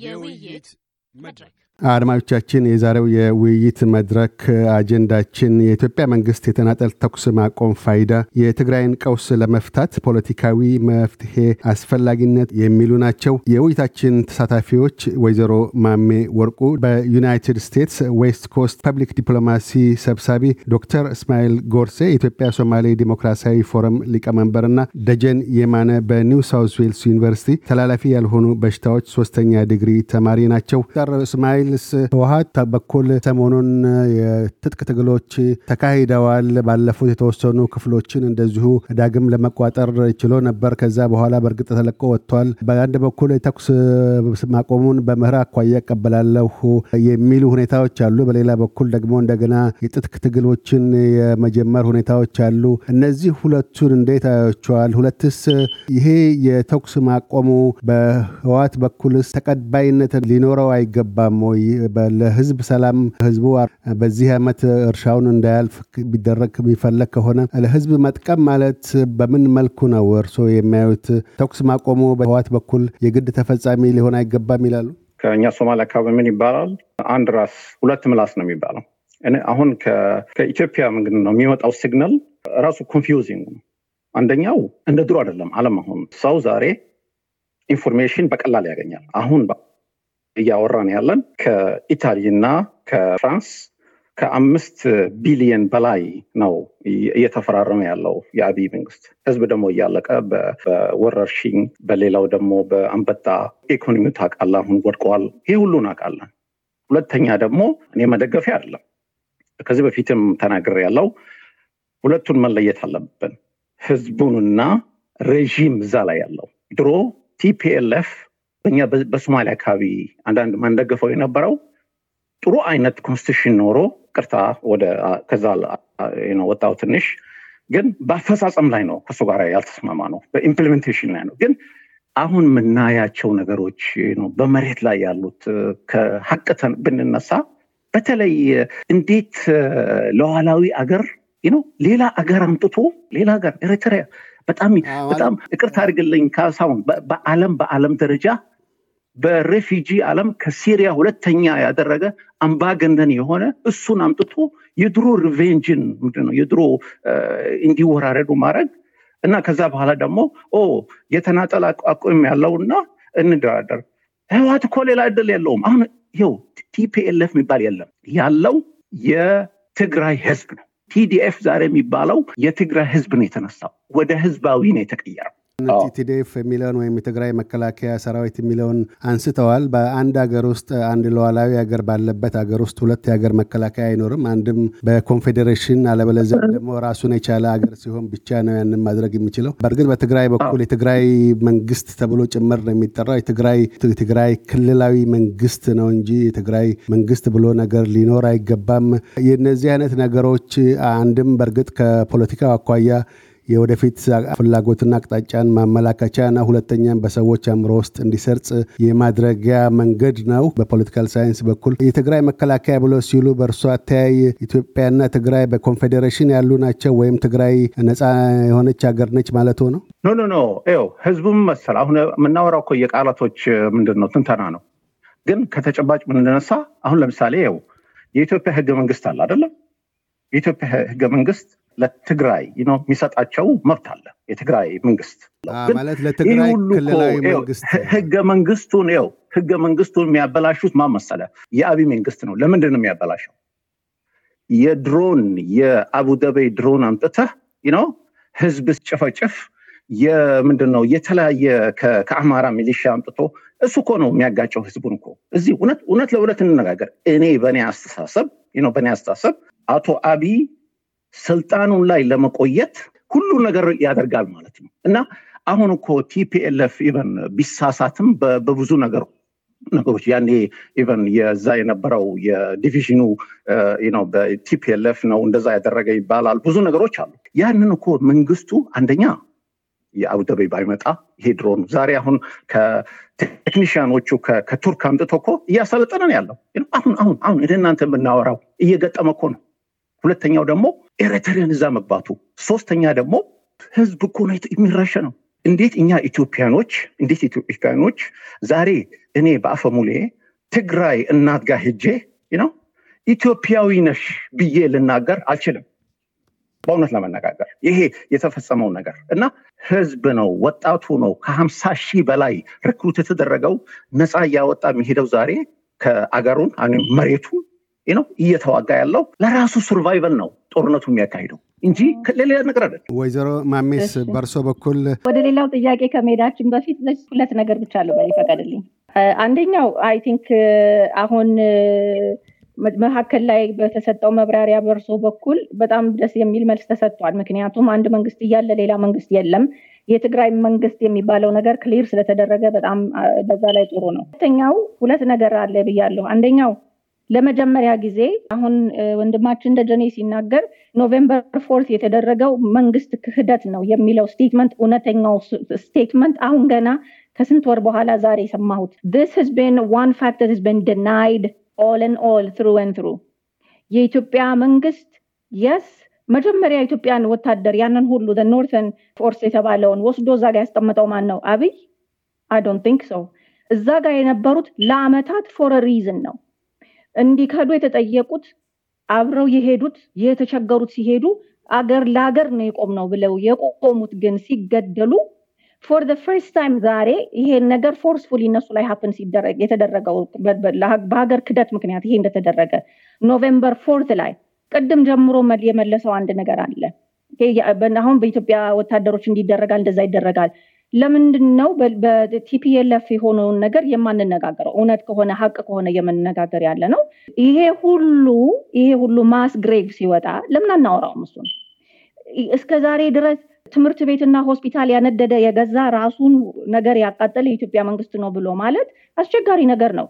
year we hit metric. አድማጮቻችን የዛሬው የውይይት መድረክ አጀንዳችን የኢትዮጵያ መንግስት የተናጠል ተኩስ ማቆም ፋይዳ፣ የትግራይን ቀውስ ለመፍታት ፖለቲካዊ መፍትሄ አስፈላጊነት የሚሉ ናቸው። የውይይታችን ተሳታፊዎች ወይዘሮ ማሜ ወርቁ በዩናይትድ ስቴትስ ዌስት ኮስት ፐብሊክ ዲፕሎማሲ ሰብሳቢ፣ ዶክተር እስማኤል ጎርሴ የኢትዮጵያ ሶማሌ ዲሞክራሲያዊ ፎረም ሊቀመንበርና ደጀን የማነ በኒው ሳውት ዌልስ ዩኒቨርሲቲ ተላላፊ ያልሆኑ በሽታዎች ሶስተኛ ዲግሪ ተማሪ ናቸው። ዶክተር እስማኤል በኩልስ ህወሀት በኩል ሰሞኑን የትጥቅ ትግሎች ተካሂደዋል። ባለፉት የተወሰኑ ክፍሎችን እንደዚሁ ዳግም ለመቋጠር ችሎ ነበር። ከዛ በኋላ በእርግጥ ተለቆ ወጥቷል። በአንድ በኩል የተኩስ ማቆሙን በምህራ አኳያ እቀበላለሁ የሚሉ ሁኔታዎች አሉ። በሌላ በኩል ደግሞ እንደገና የትጥቅ ትግሎችን የመጀመር ሁኔታዎች አሉ። እነዚህ ሁለቱን እንዴት አያቸዋል? ሁለትስ ይሄ የተኩስ ማቆሙ በህወሀት በኩልስ ተቀባይነት ሊኖረው አይገባም ወይ? ለህዝብ ሰላም ህዝቡ በዚህ ዓመት እርሻውን እንዳያልፍ ቢደረግ የሚፈለግ ከሆነ ለህዝብ መጥቀም ማለት በምን መልኩ ነው እርስዎ የሚያዩት? ተኩስ ማቆሙ በህዋት በኩል የግድ ተፈጻሚ ሊሆን አይገባም ይላሉ? ከእኛ ሶማሊያ አካባቢ ምን ይባላል? አንድ ራስ ሁለት ምላስ ነው የሚባለው። እኔ አሁን ከኢትዮጵያ ምንድን ነው የሚመጣው ሲግናል ራሱ ኮንፊውዚንግ ነው። አንደኛው እንደ ድሮ አይደለም አለም። አሁን ሰው ዛሬ ኢንፎርሜሽን በቀላል ያገኛል። አሁን እያወራን ያለን ከኢታሊና ከፍራንስ ከአምስት ቢሊየን በላይ ነው እየተፈራረመ ያለው የአብይ መንግስት። ህዝብ ደግሞ እያለቀ በወረርሽኝ፣ በሌላው ደግሞ በአንበጣ ኢኮኖሚው ታውቃለህ አሁን ወድቀዋል። ይህ ሁሉ እናውቃለን። ሁለተኛ ደግሞ እኔ መደገፊያ አይደለም ከዚህ በፊትም ተናግር ያለው ሁለቱን መለየት አለብን፣ ህዝቡንና ሬዥም እዛ ላይ ያለው ድሮ ቲፒኤልፍ እኛ በሶማሊያ አካባቢ አንዳንድ ማንደገፈው የነበረው ጥሩ አይነት ኮንስቲቱሽን ኖሮ ቅርታ ወደ ከዛ ወጣው ትንሽ ግን በአፈጻጸም ላይ ነው ከሱ ጋር ያልተስማማ ነው በኢምፕሊሜንቴሽን ላይ ነው ግን አሁን የምናያቸው ነገሮች በመሬት ላይ ያሉት ከሀቅተን ብንነሳ በተለይ እንዴት ለዋላዊ አገር ነው ሌላ አገር አምጥቶ ሌላ ሀገር ኤርትሪያ በጣም በጣም ይቅርታ አድርግልኝ ካሳሁን በአለም በአለም ደረጃ በሬፊጂ ዓለም ከሲሪያ ሁለተኛ ያደረገ አምባገነን የሆነ እሱን አምጥቶ የድሮ ሪቬንጅን ምንድነው የድሮ እንዲወራረዱ ማድረግ እና ከዛ በኋላ ደግሞ ኦ የተናጠል አቋም ያለውና እንደራደር ህዋት እኮ ሌላ እድል የለውም አሁን ው ቲፒኤልፍ የሚባል የለም ያለው የትግራይ ህዝብ ነው ቲዲኤፍ ዛሬ የሚባለው የትግራይ ህዝብ ነው የተነሳው ወደ ህዝባዊ ነው የተቀየረው ቲቲዴፍ የሚለውን ወይም የትግራይ መከላከያ ሰራዊት የሚለውን አንስተዋል። በአንድ ሀገር ውስጥ አንድ ሉዓላዊ ሀገር ባለበት ሀገር ውስጥ ሁለት የሀገር መከላከያ አይኖርም። አንድም በኮንፌዴሬሽን አለበለዚያ ደግሞ ራሱን የቻለ ሀገር ሲሆን ብቻ ነው ያንን ማድረግ የሚችለው። በእርግጥ በትግራይ በኩል የትግራይ መንግስት ተብሎ ጭምር ነው የሚጠራው። የትግራይ ትግራይ ክልላዊ መንግስት ነው እንጂ የትግራይ መንግስት ብሎ ነገር ሊኖር አይገባም። የነዚህ አይነት ነገሮች አንድም በእርግጥ ከፖለቲካው አኳያ የወደፊት ፍላጎትና አቅጣጫን ማመላከቻና ሁለተኛም በሰዎች አእምሮ ውስጥ እንዲሰርጽ የማድረጊያ መንገድ ነው። በፖለቲካል ሳይንስ በኩል የትግራይ መከላከያ ብሎ ሲሉ በእርሶ አተያይ ኢትዮጵያና ትግራይ በኮንፌዴሬሽን ያሉ ናቸው ወይም ትግራይ ነፃ የሆነች ሀገር ነች ማለት ነው? ኖ ኖ ኖ ው ህዝቡም መሰል አሁን የምናወራው እኮ የቃላቶች ምንድን ነው ትንተና ነው። ግን ከተጨባጭ ምንነሳ አሁን ለምሳሌ ው የኢትዮጵያ ህገ መንግስት አለ አይደለም? የኢትዮጵያ ህገ መንግስት ለትግራይ የሚሰጣቸው መብት አለ የትግራይ መንግስት ህገ መንግስቱን ው ህገ መንግስቱን የሚያበላሹት ማ መሰለ የአብ መንግስት ነው ለምንድን ነው የሚያበላሸው የድሮን የአቡደበይ ድሮን አምጥተህ ነው ህዝብ ጭፈጭፍ የምንድን ነው የተለያየ ከአማራ ሚሊሻ አምጥቶ እሱ እኮ ነው የሚያጋጨው ህዝቡን እኮ እዚህ እውነት ለእውነት እንነጋገር እኔ በእኔ አስተሳሰብ በእኔ አስተሳሰብ አቶ አብይ ስልጣኑን ላይ ለመቆየት ሁሉ ነገር ያደርጋል ማለት ነው እና አሁን እኮ ቲፒኤልፍ ኢቨን ቢሳሳትም በብዙ ነገር ነገሮች ያኔ ኢቨን የዛ የነበረው የዲቪዥኑ በቲፒኤልፍ ነው እንደዛ ያደረገ ይባላል ብዙ ነገሮች አሉ ያንን እኮ መንግስቱ አንደኛ የአቡደቢ ባይመጣ ይሄ ድሮን ዛሬ አሁን ከቴክኒሽያኖቹ ከቱርክ አምጥቶ እኮ እያሰለጠነን ያለው አሁን አሁን አሁን እናንተ የምናወራው እየገጠመ እኮ ነው ሁለተኛው ደግሞ ኤሪትሪያን እዛ መግባቱ፣ ሶስተኛ ደግሞ ህዝብ እኮ ነው የሚረሸ ነው። እንዴት እኛ ኢትዮጵያኖች እንዴት ኢትዮጵያኖች ዛሬ እኔ በአፈሙሌ ትግራይ እናት ጋር ሄጄ ነው ኢትዮጵያዊ ነሽ ብዬ ልናገር አልችልም። በእውነት ለመነጋገር ይሄ የተፈጸመው ነገር እና ህዝብ ነው ወጣቱ ነው ከሀምሳ ሺህ በላይ ሪክሩት የተደረገው ነፃ እያወጣ የሚሄደው ዛሬ ከአገሩን መሬቱን ነው እየተዋጋ ያለው ለራሱ ሱርቫይቨል ነው ጦርነቱ የሚያካሂደው እንጂ ሌላ ነገር አይደል። ወይዘሮ ማሜስ በእርሶ በኩል ወደ ሌላው ጥያቄ ከመሄዳችን በፊት ሁለት ነገር ብቻ አለው ይፈቀድልኝ። አንደኛው አይ ቲንክ አሁን መካከል ላይ በተሰጠው መብራሪያ በእርሶ በኩል በጣም ደስ የሚል መልስ ተሰጥቷል። ምክንያቱም አንድ መንግስት እያለ ሌላ መንግስት የለም። የትግራይ መንግስት የሚባለው ነገር ክሊር ስለተደረገ በጣም በዛ ላይ ጥሩ ነው። ሁለተኛው ሁለት ነገር አለ ብያለሁ። አንደኛው ለመጀመሪያ ጊዜ አሁን ወንድማችን ደጀኔ ሲናገር ኖቬምበር ፎርት የተደረገው መንግስት ክህደት ነው የሚለው ስቴትመንት እውነተኛው ስቴትመንት አሁን ገና ከስንት ወር በኋላ ዛሬ የሰማሁት ስ ስ ዋን ስ ድናይድ ኦል ን ኦል ትሩ ን ትሩ የኢትዮጵያ መንግስት የስ መጀመሪያ ኢትዮጵያን ወታደር ያንን ሁሉ ኖርተን ፎርስ የተባለውን ወስዶ እዛ ጋር ያስቀምጠው ማን ነው አብይ አይ ዶንት ቲንክ ሶ እዛ ጋር የነበሩት ለአመታት ፎር ሪዝን ነው እንዲከዱ የተጠየቁት አብረው የሄዱት የተቸገሩት ሲሄዱ አገር ለሀገር ነው የቆም ነው ብለው የቆሙት ግን ሲገደሉ ፎር ደ ፈርስት ታይም ዛሬ ይሄን ነገር ፎርስፉሊ እነሱ ላይ ሀፕን ሲደረግ የተደረገው በሀገር ክደት ምክንያት ይሄ እንደተደረገ ኖቬምበር ፎርት ላይ ቅድም ጀምሮ የመለሰው አንድ ነገር አለ አሁን በኢትዮጵያ ወታደሮች እንዲደረጋል እንደዛ ይደረጋል ለምንድን ነው በቲፒኤልፍ የሆነውን ነገር የማንነጋገረው? እውነት ከሆነ ሀቅ ከሆነ የምንነጋገር ያለ ነው። ይሄ ሁሉ ይሄ ሁሉ ማስ ግሬቭ ሲወጣ ለምን አናወራውም? እሱን እስከ ዛሬ ድረስ ትምህርት ቤትና ሆስፒታል ያነደደ የገዛ ራሱን ነገር ያቃጠለ የኢትዮጵያ መንግስት ነው ብሎ ማለት አስቸጋሪ ነገር ነው።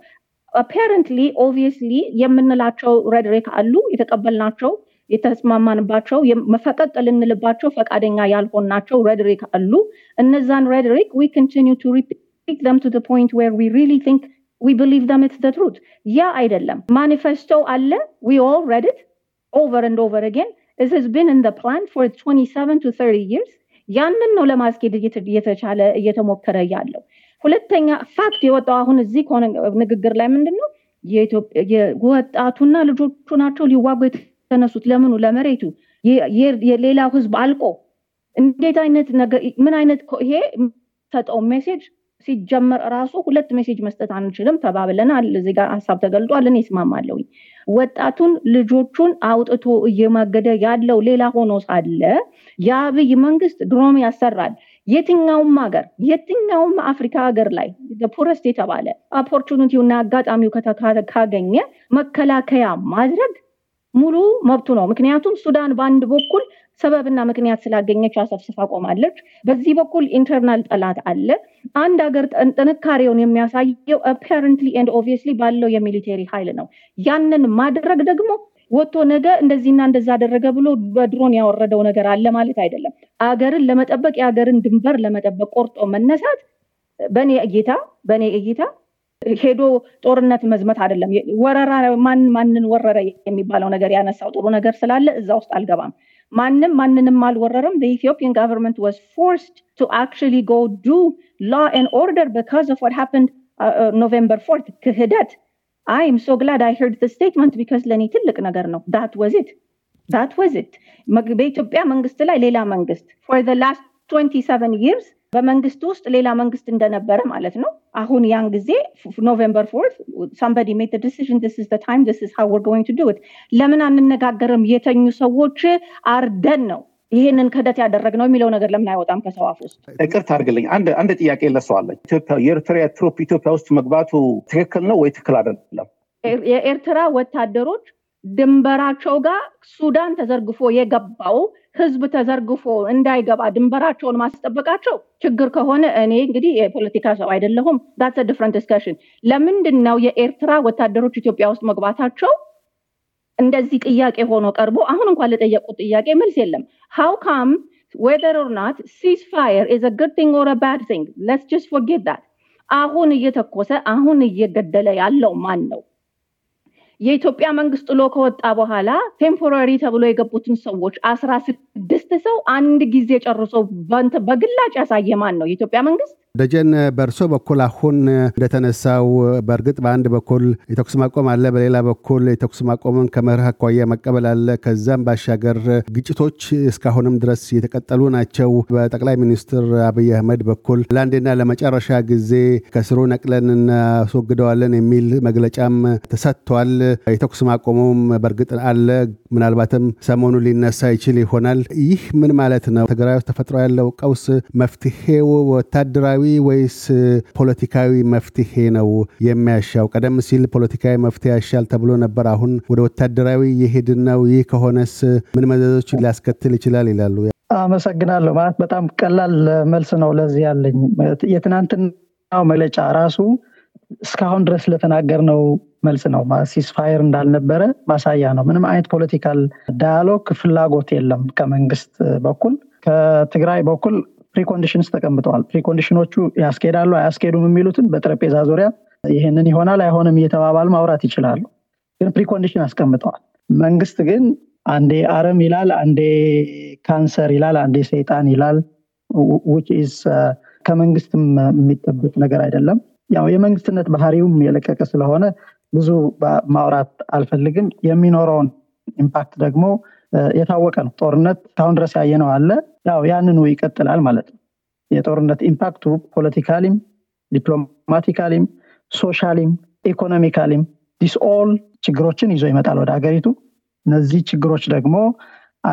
አፓረንትሊ ኦብቪየስሊ የምንላቸው ረድሬክ አሉ የተቀበልናቸው የተስማማንባቸው መፈቀቅ ልንልባቸው ፈቃደኛ ያልሆንናቸው ሬድሪክ አሉ። እነዛን ሬድሪክ ዊ ኮንቲኒው ቱ ሪፒት ዘም ቱ ዊ ሪሊ ቲንክ ዊ ኢትስ ትሩት። ያ አይደለም ማኒፌስቶ አለ። ዊ ኦል ኦቨር ን ኦቨር አጌን ኢት ሃዝ ቢን ፕላን ፎር ቱ ያንን ነው ለማስኬድ እየተቻለ እየተሞከረ ያለው። ሁለተኛ ፋክት የወጣው አሁን እዚህ ንግግር ላይ ምንድን ነው የወጣቱና ልጆቹ ናቸው ሊዋጉ ተነሱት። ለምኑ? ለመሬቱ። የሌላው ህዝብ አልቆ እንዴት አይነት ነገር ምን አይነት ይሄ ሰጠው ሜሴጅ ሲጀመር እራሱ ሁለት ሜሴጅ መስጠት አንችልም ተባብለናል። እዚህ ጋር ሀሳብ ተገልጧል። እኔ ወጣቱን ልጆቹን አውጥቶ እየማገደ ያለው ሌላ ሆኖ ሳለ የአብይ መንግስት ድሮም ያሰራል። የትኛውም ሀገር የትኛውም አፍሪካ ሀገር ላይ ፖረስት የተባለ ኦፖርቹኒቲውና አጋጣሚው ካገኘ መከላከያ ማድረግ ሙሉ መብቱ ነው። ምክንያቱም ሱዳን በአንድ በኩል ሰበብና ምክንያት ስላገኘች አሰፍስፋ ቆማለች። በዚህ በኩል ኢንተርናል ጠላት አለ። አንድ ሀገር ጥንካሬውን የሚያሳየው አፓረንትሊ ኤንድ ኦብቪየስሊ ባለው የሚሊቴሪ ኃይል ነው። ያንን ማድረግ ደግሞ ወጥቶ ነገ እንደዚህና እንደዛ አደረገ ብሎ በድሮን ያወረደው ነገር አለ ማለት አይደለም። አገርን ለመጠበቅ የሀገርን ድንበር ለመጠበቅ ቆርጦ መነሳት በእኔ እይታ በእኔ እይታ ሄዶ ጦርነት መዝመት አይደለም። ወረራ ማን ማንን ወረረ የሚባለው ነገር ያነሳው ጥሩ ነገር ስላለ እዛ ውስጥ አልገባም። ማንም ማንንም አልወረረም። ኢትዮጵያን ጋቨርንመንት ዋዝ ፎርስድ ቱ አክቹዋሊ ጎ ዱ ላ ኤን ኦርደር ቢካዝ ኦፍ ዋት ሃፕንድ ኖቬምበር ፎርት ክህደት አይ ኤም ሶ ግላድ አይ ሄርድ ስቴትመንት ቢካዝ ለእኔ ትልቅ ነገር ነው። ዳት ኢት ዳት ወዝት በኢትዮጵያ መንግስት ላይ ሌላ መንግስት ፎር ላስት ትዌንቲ ሰቨን ይርስ በመንግስት ውስጥ ሌላ መንግስት እንደነበረ ማለት ነው። አሁን ያን ጊዜ ኖቨምበር ፎርት ሳምበዲ ሜት ዲሲዥን ስ ስ ታይም ስ ስ ሀወር ጎይንግ ቱ ዱት ለምን አንነጋገርም የተኙ ሰዎች አርደን ነው ይህንን ክህደት ያደረግ ነው የሚለው ነገር ለምን አይወጣም ከሰዋፍ ውስጥ ይቅርታ አድርግልኝ አንድ ጥያቄ ኢትዮጵያ የኤርትራ ትሮፕ ኢትዮጵያ ውስጥ መግባቱ ትክክል ነው ወይ ትክክል አደለም የኤርትራ ወታደሮች ድንበራቸው ጋር ሱዳን ተዘርግፎ የገባው ህዝብ ተዘርግፎ እንዳይገባ ድንበራቸውን ማስጠበቃቸው ችግር ከሆነ እኔ እንግዲህ የፖለቲካ ሰው አይደለሁም። ዳትስ ዲፍረንት ዲስከሽን። ለምንድን ነው የኤርትራ ወታደሮች ኢትዮጵያ ውስጥ መግባታቸው እንደዚህ ጥያቄ ሆኖ ቀርቦ አሁን እንኳን ለጠየቁት ጥያቄ መልስ የለም። ሀው ካም ወደር ኦር ናት ሲስ ፋየር ኢዝ ግድ ቲንግ ኦር ባድ ቲንግ ለስ ጀስት ፎርጌት ዳት። አሁን እየተኮሰ አሁን እየገደለ ያለው ማን ነው? የኢትዮጵያ መንግስት ጥሎ ከወጣ በኋላ ቴምፖራሪ ተብሎ የገቡትን ሰዎች አስራ ስድስት ሰው አንድ ጊዜ ጨርሶ በግላጭ ያሳየ ማን ነው? የኢትዮጵያ መንግስት ደጀን በእርሶ በኩል አሁን እንደተነሳው በእርግጥ በአንድ በኩል የተኩስ ማቆም አለ፣ በሌላ በኩል የተኩስ ማቆምን ከመርህ አኳያ መቀበል አለ። ከዛም ባሻገር ግጭቶች እስካሁንም ድረስ የተቀጠሉ ናቸው። በጠቅላይ ሚኒስትር አብይ አህመድ በኩል ለአንዴና ለመጨረሻ ጊዜ ከስሩ ነቅለን እናስወግደዋለን የሚል መግለጫም ተሰጥቷል። የተኩስ ማቆሙም በእርግጥ አለ፣ ምናልባትም ሰሞኑ ሊነሳ ይችል ይሆናል። ይህ ምን ማለት ነው? ትግራይ ውስጥ ተፈጥሮ ያለው ቀውስ መፍትሄው ወታደራዊ ወይስ ፖለቲካዊ መፍትሄ ነው የሚያሻው? ቀደም ሲል ፖለቲካዊ መፍትሄ ያሻል ተብሎ ነበር። አሁን ወደ ወታደራዊ የሄድን ነው። ይህ ከሆነስ ምን መዘዞች ሊያስከትል ይችላል ይላሉ። አመሰግናለሁ። ማለት በጣም ቀላል መልስ ነው ለዚህ ያለኝ የትናንትናው መግለጫ ራሱ እስካሁን ድረስ ነው መልስ ነው። ሲስፋየር እንዳልነበረ ማሳያ ነው። ምንም አይነት ፖለቲካል ዳያሎግ ፍላጎት የለም ከመንግስት በኩል። ከትግራይ በኩል ፕሪኮንዲሽንስ ተቀምጠዋል። ፕሪኮንዲሽኖቹ ያስኬዳሉ አያስኬዱም የሚሉትን በጠረጴዛ ዙሪያ ይህንን ይሆናል አይሆንም እየተባባሉ ማውራት ይችላሉ። ግን ፕሪኮንዲሽን አስቀምጠዋል። መንግስት ግን አንዴ አረም ይላል፣ አንዴ ካንሰር ይላል፣ አንዴ ሰይጣን ይላል። ከመንግስትም የሚጠብቅ ነገር አይደለም። ያው የመንግስትነት ባህሪውም የለቀቀ ስለሆነ ብዙ ማውራት አልፈልግም። የሚኖረውን ኢምፓክት ደግሞ የታወቀ ነው። ጦርነት ካሁን ድረስ ያየነው አለ። ያው ያንኑ ይቀጥላል ማለት ነው። የጦርነት ኢምፓክቱ ፖለቲካሊም፣ ዲፕሎማቲካሊም፣ ሶሻሊም፣ ኢኮኖሚካሊም ዲስኦል ችግሮችን ይዞ ይመጣል ወደ አገሪቱ። እነዚህ ችግሮች ደግሞ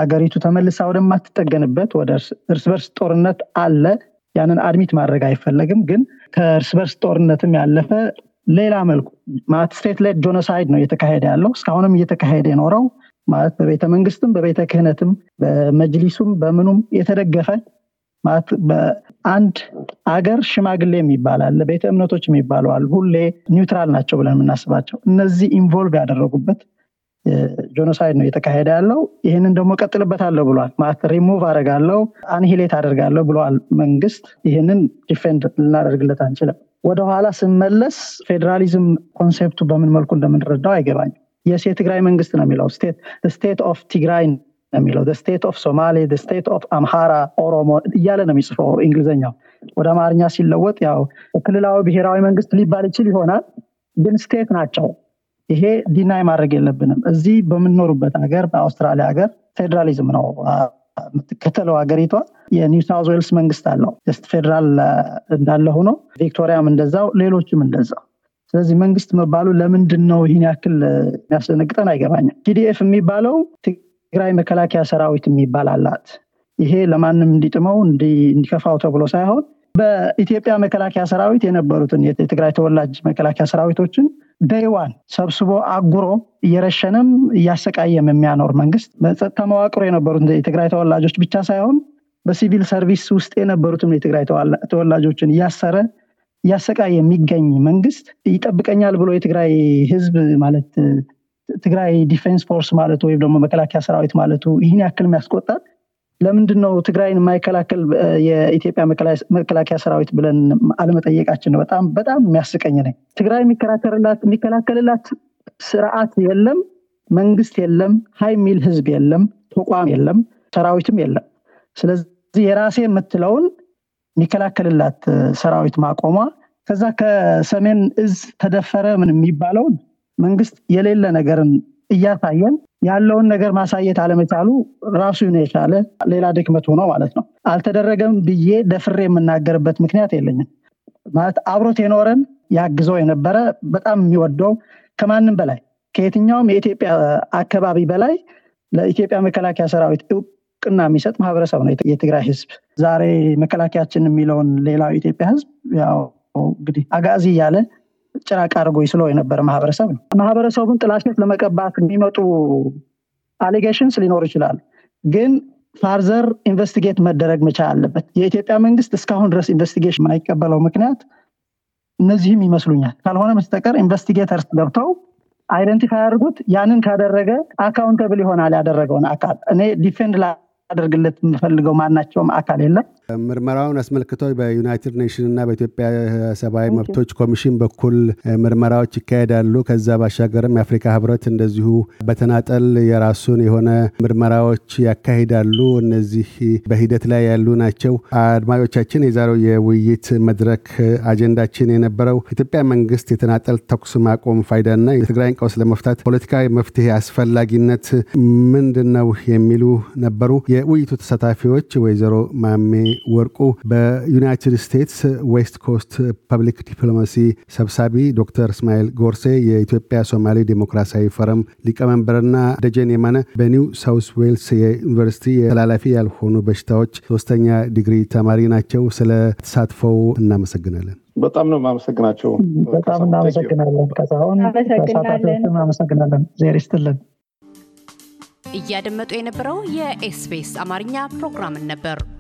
አገሪቱ ተመልሳ ወደማትጠገንበት ወደ እርስ በርስ ጦርነት አለ ያንን አድሚት ማድረግ አይፈለግም። ግን ከእርስ በርስ ጦርነትም ያለፈ ሌላ መልኩ ማለት ስቴት ሌድ ጆኖሳይድ ነው እየተካሄደ ያለው እስካሁንም እየተካሄደ የኖረው ማለት በቤተ መንግስትም በቤተ ክህነትም በመጅሊሱም በምኑም የተደገፈ ማለት በአንድ አገር ሽማግሌ የሚባል ቤተ እምነቶች የሚባለዋል ሁሌ ኒውትራል ናቸው ብለን የምናስባቸው እነዚህ ኢንቮልቭ ያደረጉበት ጆኖሳይድ ነው እየተካሄደ ያለው። ይህንን ደግሞ ቀጥልበታለሁ ብሏል። ማለት ሪሙቭ አደርጋለው አንሂሌት አደርጋለሁ ብለዋል መንግስት። ይህንን ዲፌንድ ልናደርግለት አንችልም። ወደኋላ ስመለስ ፌዴራሊዝም ኮንሴፕቱ በምን መልኩ እንደምንረዳው አይገባኝም። ትግራይ መንግስት ነው የሚለው ስቴት ኦፍ ትግራይ ነው የሚለው ስቴት ኦፍ ሶማሌ ስቴት ኦፍ አምሃራ ኦሮሞ እያለ ነው የሚጽፈው እንግሊዝኛው ወደ አማርኛ ሲለወጥ ያው ክልላዊ ብሔራዊ መንግስት ሊባል ይችል ይሆናል ግን ስቴት ናቸው ይሄ ዲናይ ማድረግ የለብንም። እዚህ በምኖሩበት ሀገር በአውስትራሊያ ሀገር ፌዴራሊዝም ነው የምትከተለው ሀገሪቷ። የኒው ዌልስ መንግስት አለው ስ ፌዴራል እንዳለ ሆኖ ቪክቶሪያም እንደዛው፣ ሌሎችም እንደዛው። ስለዚህ መንግስት መባሉ ለምንድን ነው ይህን ያክል የሚያስደነግጠን አይገባኝም። ቲዲኤፍ የሚባለው ትግራይ መከላከያ ሰራዊት የሚባል አላት። ይሄ ለማንም እንዲጥመው እንዲከፋው ተብሎ ሳይሆን በኢትዮጵያ መከላከያ ሰራዊት የነበሩትን የትግራይ ተወላጅ መከላከያ ሰራዊቶችን ደይዋን ሰብስቦ አጉሮ እየረሸነም እያሰቃየም የሚያኖር መንግስት በጸጥታ መዋቅሮ የነበሩት የትግራይ ተወላጆች ብቻ ሳይሆን በሲቪል ሰርቪስ ውስጥ የነበሩትም የትግራይ ተወላጆችን እያሰረ እያሰቃየ የሚገኝ መንግስት ይጠብቀኛል ብሎ የትግራይ ህዝብ ማለት ትግራይ ዲፌንስ ፎርስ ማለቱ ወይም ደግሞ መከላከያ ሰራዊት ማለቱ ይህን ያክል የሚያስቆጣ ለምንድን ነው ትግራይን የማይከላከል የኢትዮጵያ መከላከያ ሰራዊት ብለን አለመጠየቃችን በጣም በጣም የሚያስቀኝ ነኝ ትግራይ የሚከላከልላት ስርዓት የለም መንግስት የለም ሀይ ሚል ህዝብ የለም ተቋም የለም ሰራዊትም የለም ስለዚህ የራሴ የምትለውን የሚከላከልላት ሰራዊት ማቆሟ ከዛ ከሰሜን እዝ ተደፈረ ምን የሚባለውን መንግስት የሌለ ነገርን እያሳየን ያለውን ነገር ማሳየት አለመቻሉ ራሱ የቻለ ሌላ ድክመት ሆኖ ማለት ነው። አልተደረገም ብዬ ደፍሬ የምናገርበት ምክንያት የለኝም። ማለት አብሮት የኖረን ያግዘው የነበረ በጣም የሚወደው ከማንም በላይ ከየትኛውም የኢትዮጵያ አካባቢ በላይ ለኢትዮጵያ መከላከያ ሰራዊት እውቅና የሚሰጥ ማህበረሰብ ነው የትግራይ ህዝብ። ዛሬ መከላከያችን የሚለውን ሌላው የኢትዮጵያ ህዝብ ያው እንግዲህ አጋዚ እያለ ጭራቅ አድርጎ ይስሎ የነበረ ማህበረሰብ ነው። ማህበረሰቡን ጥላሸት ለመቀባት የሚመጡ አሊጌሽንስ ሊኖር ይችላል፣ ግን ፋርዘር ኢንቨስቲጌት መደረግ መቻል አለበት። የኢትዮጵያ መንግስት እስካሁን ድረስ ኢንቨስቲጌሽን የማይቀበለው ምክንያት እነዚህም ይመስሉኛል። ካልሆነ መስጠቀር ኢንቨስቲጌተርስ ገብተው አይደንቲፋይ አድርጉት። ያንን ካደረገ አካውንተብል ይሆናል ያደረገውን አካል። እኔ ዲፌንድ ላደርግለት የምፈልገው ማናቸውም አካል የለም። ምርመራውን አስመልክቶ በዩናይትድ ኔሽን እና በኢትዮጵያ ሰብአዊ መብቶች ኮሚሽን በኩል ምርመራዎች ይካሄዳሉ። ከዛ ባሻገርም የአፍሪካ ህብረት እንደዚሁ በተናጠል የራሱን የሆነ ምርመራዎች ያካሂዳሉ። እነዚህ በሂደት ላይ ያሉ ናቸው። አድማጮቻችን፣ የዛሬው የውይይት መድረክ አጀንዳችን የነበረው ኢትዮጵያ መንግስት የተናጠል ተኩስ ማቆም ፋይዳና የትግራይን ቀውስ ለመፍታት ፖለቲካዊ መፍትሄ አስፈላጊነት ምንድን ነው የሚሉ ነበሩ። የውይይቱ ተሳታፊዎች ወይዘሮ ማሜ ወርቁ በዩናይትድ ስቴትስ ዌስት ኮስት ፐብሊክ ዲፕሎማሲ ሰብሳቢ፣ ዶክተር እስማኤል ጎርሴ የኢትዮጵያ ሶማሌ ዴሞክራሲያዊ ፈረም ሊቀመንበርና ደጀን የማነ በኒው ሳውስ ዌልስ የዩኒቨርሲቲ የተላላፊ ያልሆኑ በሽታዎች ሶስተኛ ዲግሪ ተማሪ ናቸው። ስለ ተሳትፎው እናመሰግናለን። በጣም ነው የማመሰግናቸው። በጣም እናመሰግናለን። ከሳሁን እናመሰግናለን። ይስጥልን። እያደመጡ የነበረው የኤስቢኤስ አማርኛ ፕሮግራምን ነበር።